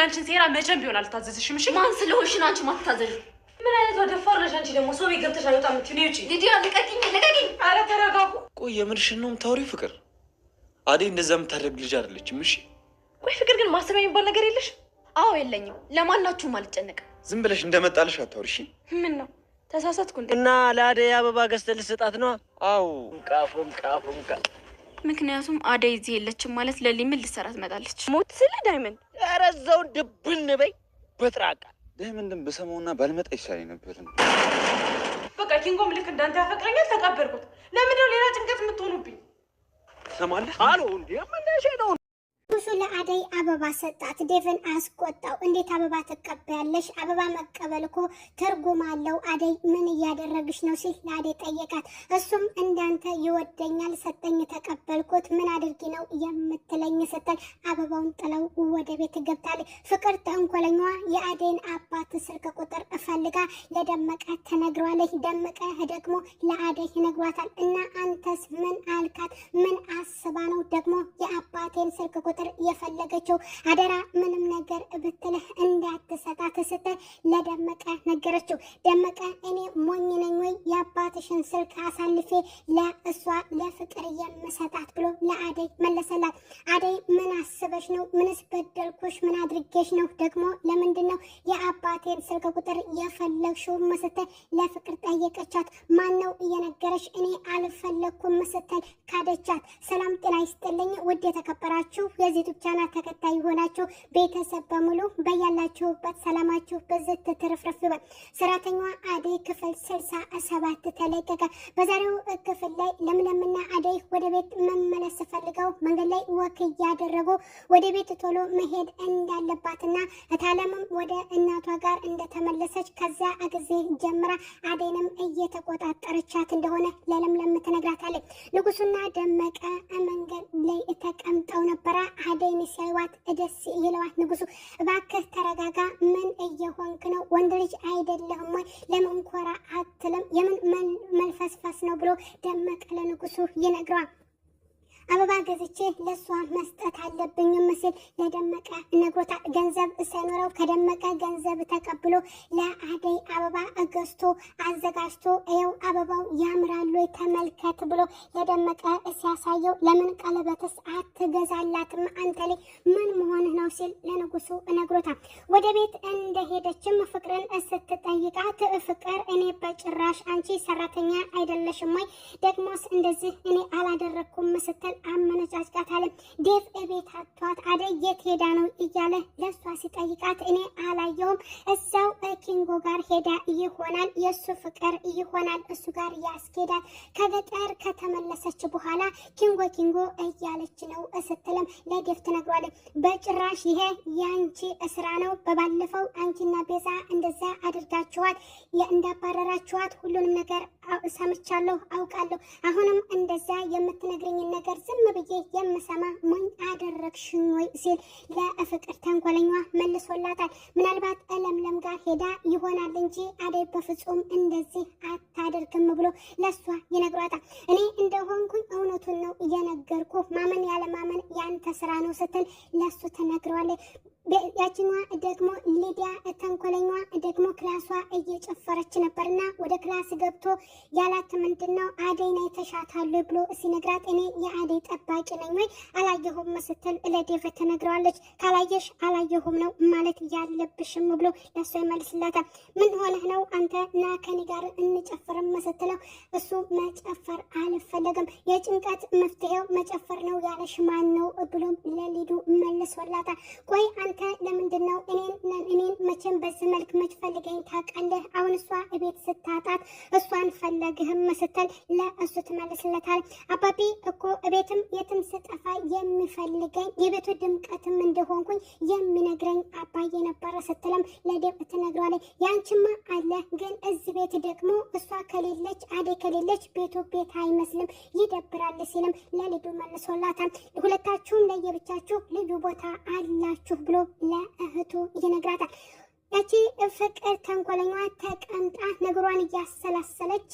የአንቺን ሴራ መቼም ቢሆን አልታዘዝሽም። እሺ ማን ስለሆንሽ አንቺ ማትታዘዥ? ምን አይነት ደፋር ነሽ አንቺ ደግሞ ሰው ቤት ገብተሽ አልወጣም እምትይው ውጪ። ሊዲያ ልቀቂኝ፣ ልቀቂኝ! አረ ተረጋጉ። ቆይ የምርሽን ነው የምታወሪው? ፍቅር አዴ እንደዛ የምታደርግ ልጅ አይደለችም። እሺ ቆይ ፍቅር ግን ማሰቢያ የሚባል ነገር የለሽ? አዎ የለኝም። ለማናችሁም አልጨነቅም። ዝም ብለሽ እንደመጣልሽ አታውሪሽ። ምን ነው ተሳሳትኩ እንዴ? እና ለአደይ አበባ ገዝተህ ልትሰጣት ነው? አዎ ቃፉም ቃፉም ቃ ምክንያቱም አደይ እዚህ የለችም ማለት ለሊምን ልሰራ ትመጣለች። ሞት ስለ ዳይመንድ ኧረ እዛውን ድብን በይ በጥራቃ ለምንድን ብሰማውና ባልመጣ ይሻለኝ ነበር። በቃ ኪንጎም ልክ እንዳንተ ያፈቅረኛል፣ ተቀበልኩት። ለምንድነው ሌላ ጭንቀት የምትሆኑብኝ? ትሰማለህ? አሉ እንዲ መነሻ ነው ክንፍ ለአደይ አበባ ሰጣት። ዴቭን አስቆጣው። እንዴት አበባ ትቀበያለሽ? አበባ መቀበል እኮ ትርጉም አለው። አደይ ምን እያደረግሽ ነው ሲል ለአደይ ጠየቃት። እሱም እንዳንተ ይወደኛል፣ ሰጠኝ፣ ተቀበልኩት። ምን አድርጊ ነው የምትለኝ ስትል አበባውን ጥለው ወደ ቤት ገብታለች። ፍቅር ተንኮለኛዋ የአደይን አባት ስልክ ቁጥር እፈልጋ ለደመቀ ተነግሯለች። ደመቀ ደግሞ ለአደይ ይነግሯታል። እና አንተስ ምን አልካት? ምን አስባ ነው ደግሞ የአባቴን ስልክ ቁጥር የፈለገችው አደራ ምንም ነገር ብትልህ እንዳትሰጣት ስትል ለደመቀ ነገረችው። ደመቀ እኔ ሞኝ ነኝ ወይ የአባትሽን ስልክ አሳልፌ ለእሷ ለፍቅር የምሰጣት ብሎ ለአደይ መለሰላት። አደይ ምን አስበሽ ነው? ምንስ በደልኩሽ? ምን አድርጌሽ ነው? ደግሞ ለምንድን ነው የአባቴን ስልክ ቁጥር የፈለግሽው? ስትል ለፍቅር ጠየቀቻት። ማን ነው እየነገረሽ? እኔ አልፈለግኩም ስትል ካደቻት። ሰላም ጤና ይስጥልኝ ውድ የተከበራችሁ የዚ የዩቱብ ቻናል ተከታይ የሆናችሁ ቤተሰብ በሙሉ በያላችሁበት ሰላማችሁ በዝት ትርፍርፍ ይበል። ሰራተኛዋ አደይ ክፍል ስልሳ ሰባት ተለቀቀ። በዛሬው ክፍል ላይ ለምለምና አደይ ወደ ቤት መመለስ ፈልገው መንገድ ላይ ወክ እያደረጉ ወደ ቤት ቶሎ መሄድ እንዳለባትና እታለምም ወደ እናቷ ጋር እንደተመለሰች ከዛ ጊዜ ጀምራ አደይንም እየተቆጣጠረቻት እንደሆነ ለለምለም ትነግራታለች። ንጉሱና ደመቀ መንገድ ላይ ተቀምጠው ነበረ። አደይን ሲያዩዋት ደስ ይለዋት። ንጉሱ እባክህ ተረጋጋ፣ ምን እየሆንክ ነው? ወንድ ልጅ አይደለህም ወይ? ለመንኮራ አትልም? የምን መልፈስፈስ ነው ብሎ ደመቀ ለንጉሱ ይነግረዋል። ገዝቼ ለእሷ መስጠት አለብኝ ምስል ለደመቀ ነግሮታል። ገንዘብ ሳይኖረው ከደመቀ ገንዘብ ተቀብሎ ለአደይ አበባ ገዝቶ አዘጋጅቶ ይኸው አበባው ያምራሉ ተመልከት ብሎ ለደመቀ ሲያሳየው ለምን ቀለበትስ አትገዛላትም አንተ ላይ ምን መሆንህ ነው ሲል ለንጉሱ ነግሮታል። ወደ ቤት እንደሄደችም ፍቅርን ስትጠይቃት ፍቅር እኔ በጭራሽ አንቺ ሰራተኛ አይደለሽም ወይ ደግሞስ እንደዚህ እኔ አላደረግኩም ስትል ያመነጫጭቃታለን። ዴፍ እቤት አቷት አደይ የት ሄዳ ነው እያለ ለእሷ ሲጠይቃት እኔ አላየውም እዛው ኪንጎ ጋር ሄዳ ይሆናል፣ የእሱ ፍቅር ይሆናል እሱ ጋር ያስኬዳል። ከገጠር ከተመለሰች በኋላ ኪንጎ ኪንጎ እያለች ነው ስትልም ለዴፍ ትነግሯለች። በጭራሽ ይሄ የአንቺ እስራ ነው። በባለፈው አንቺና ቤዛ እንደዛ አድርጋችኋት እንዳባረራችኋት ሁሉንም ነገር ሰምቻለሁ፣ አውቃለሁ። አሁንም እንደዛ የምትነግረኝን ነገር ዝም ብዬ የምሰማ ሞኝ አደረግሽኝ ወይ ሲል ለፍቅር ተንኮለኛ መልሶላታል። ምናልባት ለምለም ጋር ሄዳ ይሆናል እንጂ አደይ በፍጹም እንደዚህ አታደርግም ብሎ ለሷ ይነግሯታል። እኔ እንደሆንኩኝ እውነቱን ነው እየነገርኩ ማመን ያለማመን ያንተ ስራ ነው ስትል ለሱ ትነግረዋለች። ያችኛዋ ደግሞ ሊዲያ ተንኮለኛ ደግሞ ክላሷ እየጨፈረች ነበርና ወደ ክላስ ገብቶ ያላት ምንድን ነው አደይና የተሻታሉ ብሎ ሲነግራት እኔ የአደይ ጠባቂ ነኝ ወይ አላየሁም ስትል ለዴቭ ተነግረዋለች። ካላየሽ አላየሁም ነው ማለት ያለብሽም ብሎ ለእሷ ይመልስላታል። ምን ሆነህ ነው አንተ ና ከኔ ጋር እንጨፍርም ስትለው እሱ መጨፈር አልፈለግም የጭንቀት መፍትሄው መጨፈር ነው ያለሽ ማን ነው ብሎም ለሊዱ መልሶላታል። ቆይ አንተ አንተ ለምንድን ነው እኔን መቼም በዚህ መልክ መች ፈልገኝ ታውቃለህ? አሁን እሷ እቤት ስታጣት እሷን ፈለግህም ስትል ለእሱ ትመልስለታል። አባቢ እኮ እቤትም የትም ስጠፋ የሚፈልገኝ የቤቱ ድምቀትም እንደሆንኩኝ የሚነግረኝ አባዬ ነበረ ስትልም ለደብ ትነግረዋለች። ያንቺማ አለ ግን እዚህ ቤት ደግሞ እሷ ከሌለች አደ ከሌለች ቤቱ ቤት አይመስልም ይደብራል ሲልም ለልዱ መልሶላታል። ሁለታችሁም ለየብቻችሁ ልዩ ቦታ አላችሁ ብሎ ለእህቱ ይነግራታል። ያቺ ፍቅር ተንኮለኛዋ ተቀምጣ ነገሯን እያሰላሰለች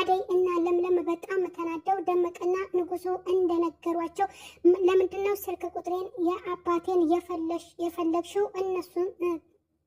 አደይ እና ለምለም በጣም ተናደው ደመቀና ንጉሱ እንደነገሯቸው ለምንድነው ስልክ ቁጥሬን የአባቴን የፈለግሽው እነሱን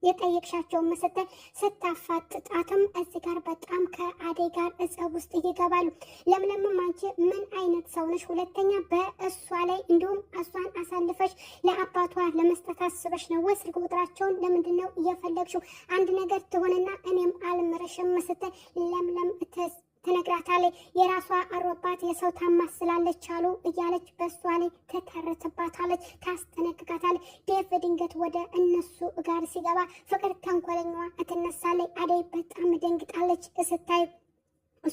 የጠየቅሻቸውን መሰተን ስታፋጥጣትም እዚህ ጋር በጣም ከአደይ ጋር እጸብ ውስጥ ይገባሉ። ለምለምም አንቺ ምን አይነት ሰው ነሽ? ሁለተኛ በእሷ ላይ እንዲሁም እሷን አሳልፈሽ ለአባቷ ለመስጠት አስበሽ ነው ወይ? ስልክ ቁጥራቸውን ለምንድን ነው እየፈለግሽው? አንድ ነገር ትሆንና እኔም አልምረሽም መሰተን ለምለም ትስ ትነግራታለች። የራሷ አሮባት የሰው ታማስላለች አሉ እያለች በእሷ ላይ ትተርትባታለች፣ ታስጠነቅቃታለች። ዴቭ ድንገት ወደ እነሱ ጋር ሲገባ ፍቅር ተንኮለኛዋ ትነሳለች። አደይ በጣም ደንግጣለች ስታይ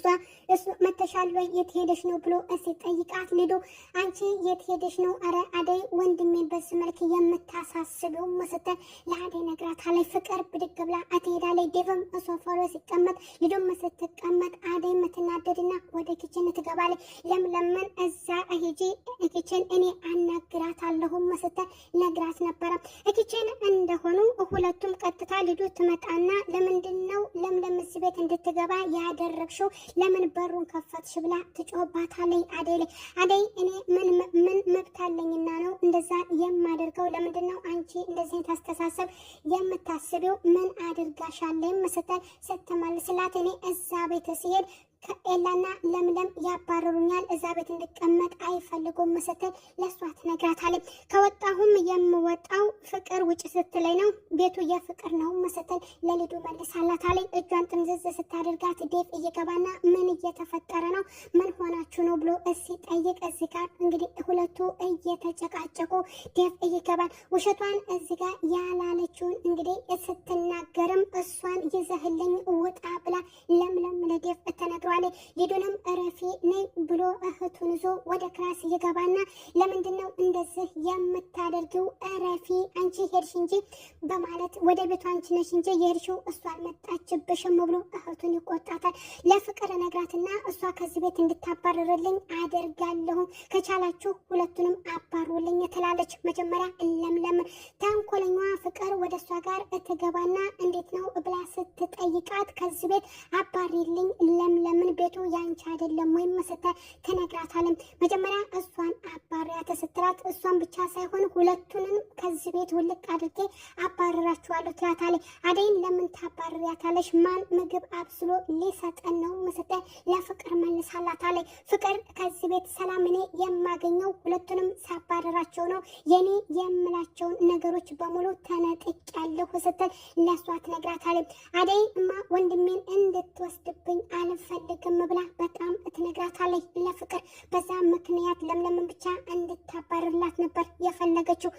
እሷ እሱ መተሻል ወይ የት ሄደሽ ነው ብሎ ሲጠይቃት ልዶ አንቺ የት ሄደሽ ነው? አረ አደይ ወንድሜን በዚህ መልክ የምታሳስበው መሰተ ለአደይ ነግራታለች። ፍቅር ብድግ ብላ አትሄዳለች። ዴቭም ሶፋ ላይ ሲቀመጥ ልዶም ስትቀመጥ አደይ ምትናደድና ወደ ኪችን ትገባለች። ለምለምን እዛ ሂጂ ኪችን እኔ አናግራታለሁ መሰተ ነግራት ነበረ። ኪችን እንደሆኑ ሁለቱም ቀጥታ ልዶ ትመጣና ለምንድን ነው እዚህ ቤት እንድትገባ ያደረግሽው ለምን በሩን ከፈትሽ ብላ ትጮህባታለች። አደይ አደይ እኔ ምን መብት አለኝና ነው እንደዛ የማደርገው? ለምንድን ነው አንቺ እንደዚህ ታስተሳሰብ የምታስቢው? ምን አድርጋሻለኝ? ስትል ስትመልስላት እኔ እዛ ቤት ሲሄድ ኤላና ለምለም ያባረሩኛል፣ እዛ ቤት እንድቀመጥ አይፈልጉም ስትል ለእሷ ትነግራታለች። ከወጣሁም የምወጣው ፍቅር ውጭ ስትለኝ ነው፣ ቤቱ የፍቅር ነው ስትል ለልዱ መልሳላታለች። እጇን ጥምዝዝ ስታደርጋት ዴፍ እየገባና ምን እየተፈጠረ ነው? ምን ሆናችሁ ነው ብሎ እስ ጠይቅ። እዚ ጋር እንግዲህ ሁለቱ እየተጨቃጨቁ ዴፍ እየገባል። ውሸቷን እዚ ጋር ያላለችውን እንግዲህ ስትናገርም እሷን ይዘህልኝ ውጣ ብላ ለምለም ለዴፍ ተነግሯል። ይለዋል። ሊዱንም እረፊ ነኝ ብሎ እህቱን ይዞ ወደ ክላስ ይገባና ለምንድን ነው እንደዚህ የምታደርጊው? እረፊ አንቺ ሄድሽ እንጂ በማለት ወደ ቤቷ አንቺ ነሽ እንጂ የሄድሽው እሷ አልመጣችብሽም ብሎ እህቱን ይቆጣታል። ለፍቅር ነግራትና እሷ ከዚህ ቤት እንድታባረርልኝ አደርጋለሁ፣ ከቻላችሁ ሁለቱንም አባሩልኝ ትላለች። መጀመሪያ እለምለም ተንኮለኛ ፍቅር ወደ እሷ ጋር እትገባና እንዴት ነው ብላ ስትጠይቃት ከዚህ ቤት አባሪልኝ ለምለም ለምን ቤቱ ያንቺ አይደለም ወይም ስተ ትነግራታለም። መጀመሪያ እሷን አባሪያት ስትላት እሷን ብቻ ሳይሆን ሁለቱንም ከዚህ ቤት ውልቅ አድርጌ አባረራችኋለሁ ትላታለች። አደይን ለምን ታባረሪያታለሽ? ማን ምግብ አብስሎ ሊሰጠን ነው? ስተ ለፍቅር መልሳላታለች። ፍቅር ከዚህ ቤት ሰላም እኔ የማገኘው ሁለቱንም ሳባረራቸው ነው። የኔ የምላቸውን ነገሮች በሙሉ ተነጥቄያለሁ ስትል ለእሷ ትነግራታለች። አደይ እማ ወንድሜን እንድትወስድብኝ አልፈልግም ደገም ብላ በጣም ትነግራታለች ለፍቅር። በዛ ምክንያት ለምለምን ብቻ እንድታባርላት ነበር የፈለገችው።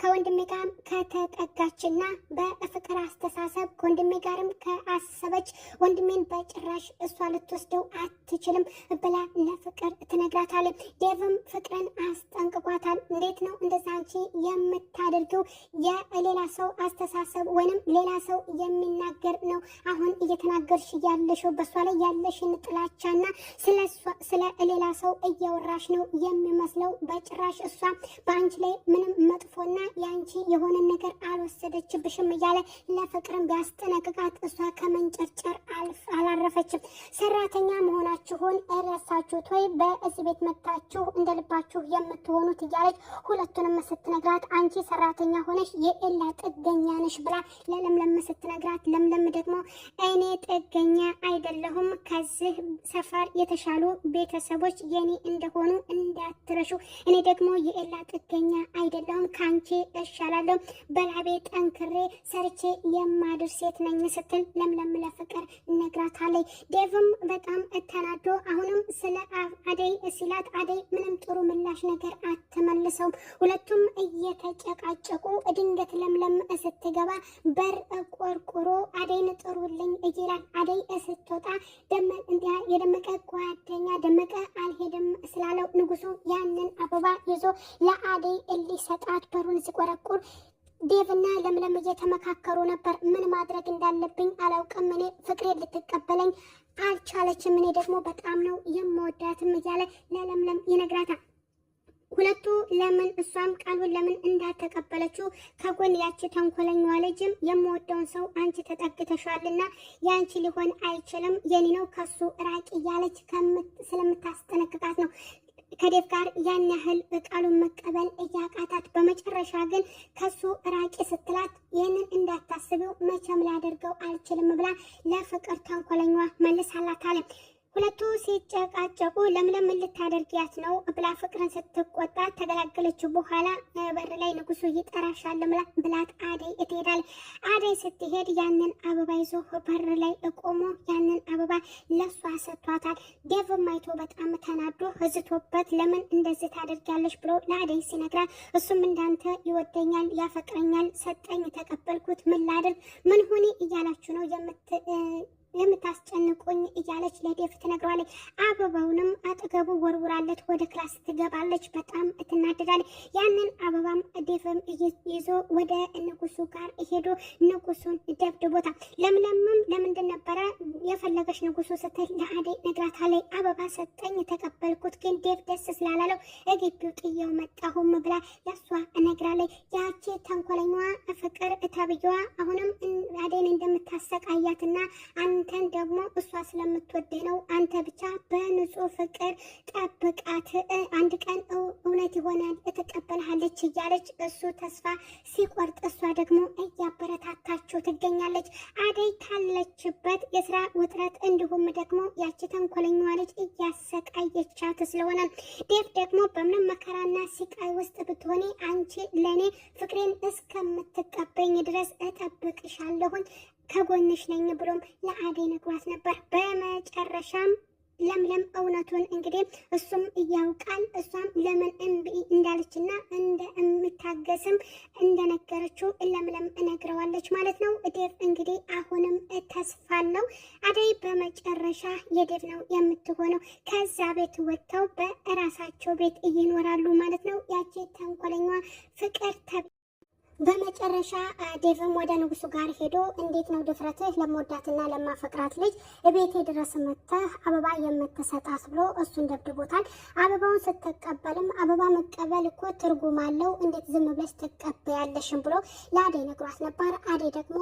ከወንድሜ ጋርም ከተጠጋችና በፍቅር አስተሳሰብ ከወንድሜ ጋርም ከአሰበች ወንድሜን በጭራሽ እሷ ልትወስደው አትችልም ብላ ለፍቅር ትነግራታለች። ዴቭም ፍቅርን አስጠንቅቋታል። እንዴት ነው እንደዛ አንቺ የምታደርገው? የሌላ ሰው አስተሳሰብ ወይንም ሌላ ሰው የሚናገር ነው አሁን እየተናገርሽ ያለሽው በእሷ ላይ ያለሽ የፍቅርሽን ጥላቻና ስለ ሌላ ሰው እያወራሽ ነው የሚመስለው። በጭራሽ እሷ በአንቺ ላይ ምንም መጥፎና የአንቺ የሆነ ነገር አልወሰደችብሽም እያለ ለፍቅርም ቢያስጠነቅቃት እሷ ከመንጨርጨር አላረፈችም። ሰራተኛ መሆናችሁን ረሳችሁት ወይ? በእዚህ ቤት መታችሁ እንደ ልባችሁ የምትሆኑት እያለች ሁለቱንም ስትነግራት አንቺ ሰራተኛ ሆነሽ የኤላ ጥገኛ ነሽ ብላ ለለምለም ስትነግራት ለምለም ደግሞ እኔ ጥገኛ አይደለሁም ከዚህ ሰፈር የተሻሉ ቤተሰቦች የኔ እንደሆኑ እንዳትረሹ። እኔ ደግሞ የኤላ ጥገኛ አይደለሁም፣ ከአንቺ እሻላለሁ። በላቤ ጠንክሬ ሰርቼ የማድር ሴት ነኝ ስትል ለምለም ለፍቅር ነግራታለች። ዴቭም በጣም እተናዶ አሁንም ስለ አደይ ሲላት አደይ ምንም ጥሩ ምላሽ ነገር አትመልሰውም። ሁለቱም እየተጨቃጨቁ ድንገት ለምለም ስትገባ በር ቆርቆሮ አደይን ጥሩልኝ ይላል። አደይ ስትወጣ የደመቀ ጓደኛ ደመቀ አልሄድም ስላለው ንጉሱ ያንን አበባ ይዞ ለአደይ ሰጣት በሩን ሲቆረቁር ዴቭና ለምለም እየተመካከሩ ነበር። ምን ማድረግ እንዳለብኝ አላውቅም። እኔ ፍቅሬ ልትቀበለኝ አልቻለችም። እኔ ደግሞ በጣም ነው የምወዳትም እያለ ለለምለም ይነግራታል። ሁለቱ ለምን እሷም ቃሉን ለምን እንዳልተቀበለችው ከጎን ያቺ ተንኮለኛዋ ልጅም የምወደውን ሰው አንቺ ተጠግተሻልና የአንቺ ሊሆን አይችልም የኔ ነው ከሱ ራቂ እያለች ስለምታስጠነቅቃት ነው ከዴፍ ጋር ያን ያህል ቃሉን መቀበል እያቃታት፣ በመጨረሻ ግን ከሱ ራቂ ስትላት ይህንን እንዳታስቢው መቼም ላደርገው አልችልም ብላ ለፍቅር ተንኮለኛዋ መልሳላት አለ። ሁለቱ ሲጨቃጨቁ ለምለም ልታደርጊያት ነው ብላ ፍቅርን ስትቆጣ ተገላገለችው። በኋላ በር ላይ ንጉሱ ይጠራሻል ብላት አደይ ትሄዳል አደይ ስትሄድ ያንን አበባ ይዞ በር ላይ ቆሞ ያንን አበባ ለሷ ሰጥቷታል። ዴቭም አይቶ በጣም ተናዶ ህዝቶበት ለምን እንደዚህ ታደርጊያለሽ ብሎ ለአደይ ሲነግራት እሱም እንዳንተ ይወደኛል፣ ያፈቅረኛል፣ ሰጠኝ፣ ተቀበልኩት፣ ምን ላድርግ፣ ምን ሁኔ እያላችሁ ነው የምት የምታስጨንቁኝ እያለች ለዴቭ ትነግረዋለች። አበባውንም አጠገቡ ወርውራለች። ወደ ክላስ ትገባለች። በጣም እትናደዳለች። ያንን አበባም ዴቭም ይዞ ወደ ንጉሱ ጋር ሄዶ ንጉሱን ደብድቦታል። ለምለምም ለምንድን ነበረ የፈለገች ንጉሱ ስትል ለአደይ ነግራታለች። አበባ ሰጠኝ ተቀበልኩት፣ ግን ዴቭ ደስ ስላላለው እግቢው ጥየው መጣሁም ብላ ለሷ ነግራለች። ያቺ ተንኮለኛዋ ፍቅር ተብዬዋ አሁንም አደይን እንደምታሰቃያትና አንተን ደግሞ እሷ ስለምትወድ ነው። አንተ ብቻ በንጹህ ፍቅር ጠብቃት፣ አንድ ቀን እውነት ይሆናል ትቀበልሃለች እያለች እሱ ተስፋ ሲቆርጥ፣ እሷ ደግሞ እያበረታታችው ትገኛለች። አደይ ካለችበት የስራ ውጥረት እንዲሁም ደግሞ ያቺ ተንኮለኛዋ ልጅ እያሰቃየቻት ስለሆነ ዴፍ ደግሞ በምንም መከራና ሲቃይ ውስጥ ብትሆኔ አንቺ ለእኔ ፍቅሬን እስከምትቀበኝ ድረስ እጠብቅሻለሁኝ ከጎንሽ ነኝ ብሎም ለአደይ ነግሯት ነበር። በመጨረሻም ለምለም እውነቱን እንግዲህ እሱም እያውቃል እሷም ለምን እምቢ እንዳለችና የምታገስም እንደነገረችው ለምለም እነግረዋለች ማለት ነው። ዴቭ እንግዲህ አሁንም ተስፋለው አደይ በመጨረሻ የዴቭ ነው የምትሆነው። ከዛ ቤት ወጥተው በራሳቸው ቤት ይኖራሉ ማለት ነው። ያቺ ተንኮለኛ ፍቅር ተብ በመጨረሻ ዴቭም ወደ ንጉሱ ጋር ሄዶ እንዴት ነው ድፍረትህ ለመወዳትና ለማፈቅራት ልጅ ቤቴ ድረስ መጥተህ አበባ የምትሰጣት ብሎ እሱን ደብድቦታል። አበባውን ስትቀበልም አበባ መቀበል እኮ ትርጉም አለው እንዴት ዝም ብለሽ ትቀበያለሽም ብሎ ለአዴ ነግሯት ነበር። አዴ ደግሞ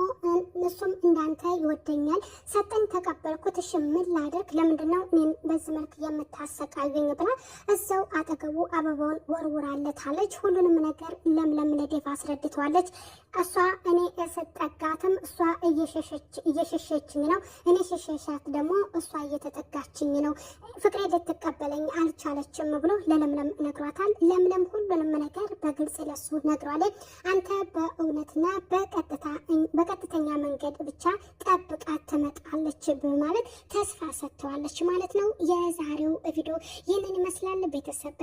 እሱም እንዳንተ ይወደኛል፣ ሰጠኝ፣ ተቀበልኩት፣ እሺ ምን ላድርግ? ለምንድን ነው እኔን በዚህ መልክ የምታሰቃዩኝ? ብላ እዛው አጠገቡ አበባውን ወርውራለታለች። ሁሉንም ነገር ለምለም ለዴቭ አስረድቷል። ትለዋለች። እሷ እኔ ስጠጋትም እሷ እየሸሸችኝ ነው፣ እኔ ሸሸሻት ደግሞ እሷ እየተጠጋችኝ ነው፣ ፍቅሬ ልትቀበለኝ አልቻለችም ብሎ ለለምለም ነግሯታል። ለምለም ሁሉንም ነገር በግልጽ ለሱ ነግሯለች። አንተ በእውነትና በቀጥተኛ መንገድ ብቻ ጠብቃት ትመጣለች በማለት ተስፋ ሰጥተዋለች ማለት ነው። የዛሬው ቪዲዮ ይህንን ይመስላል ቤተሰብ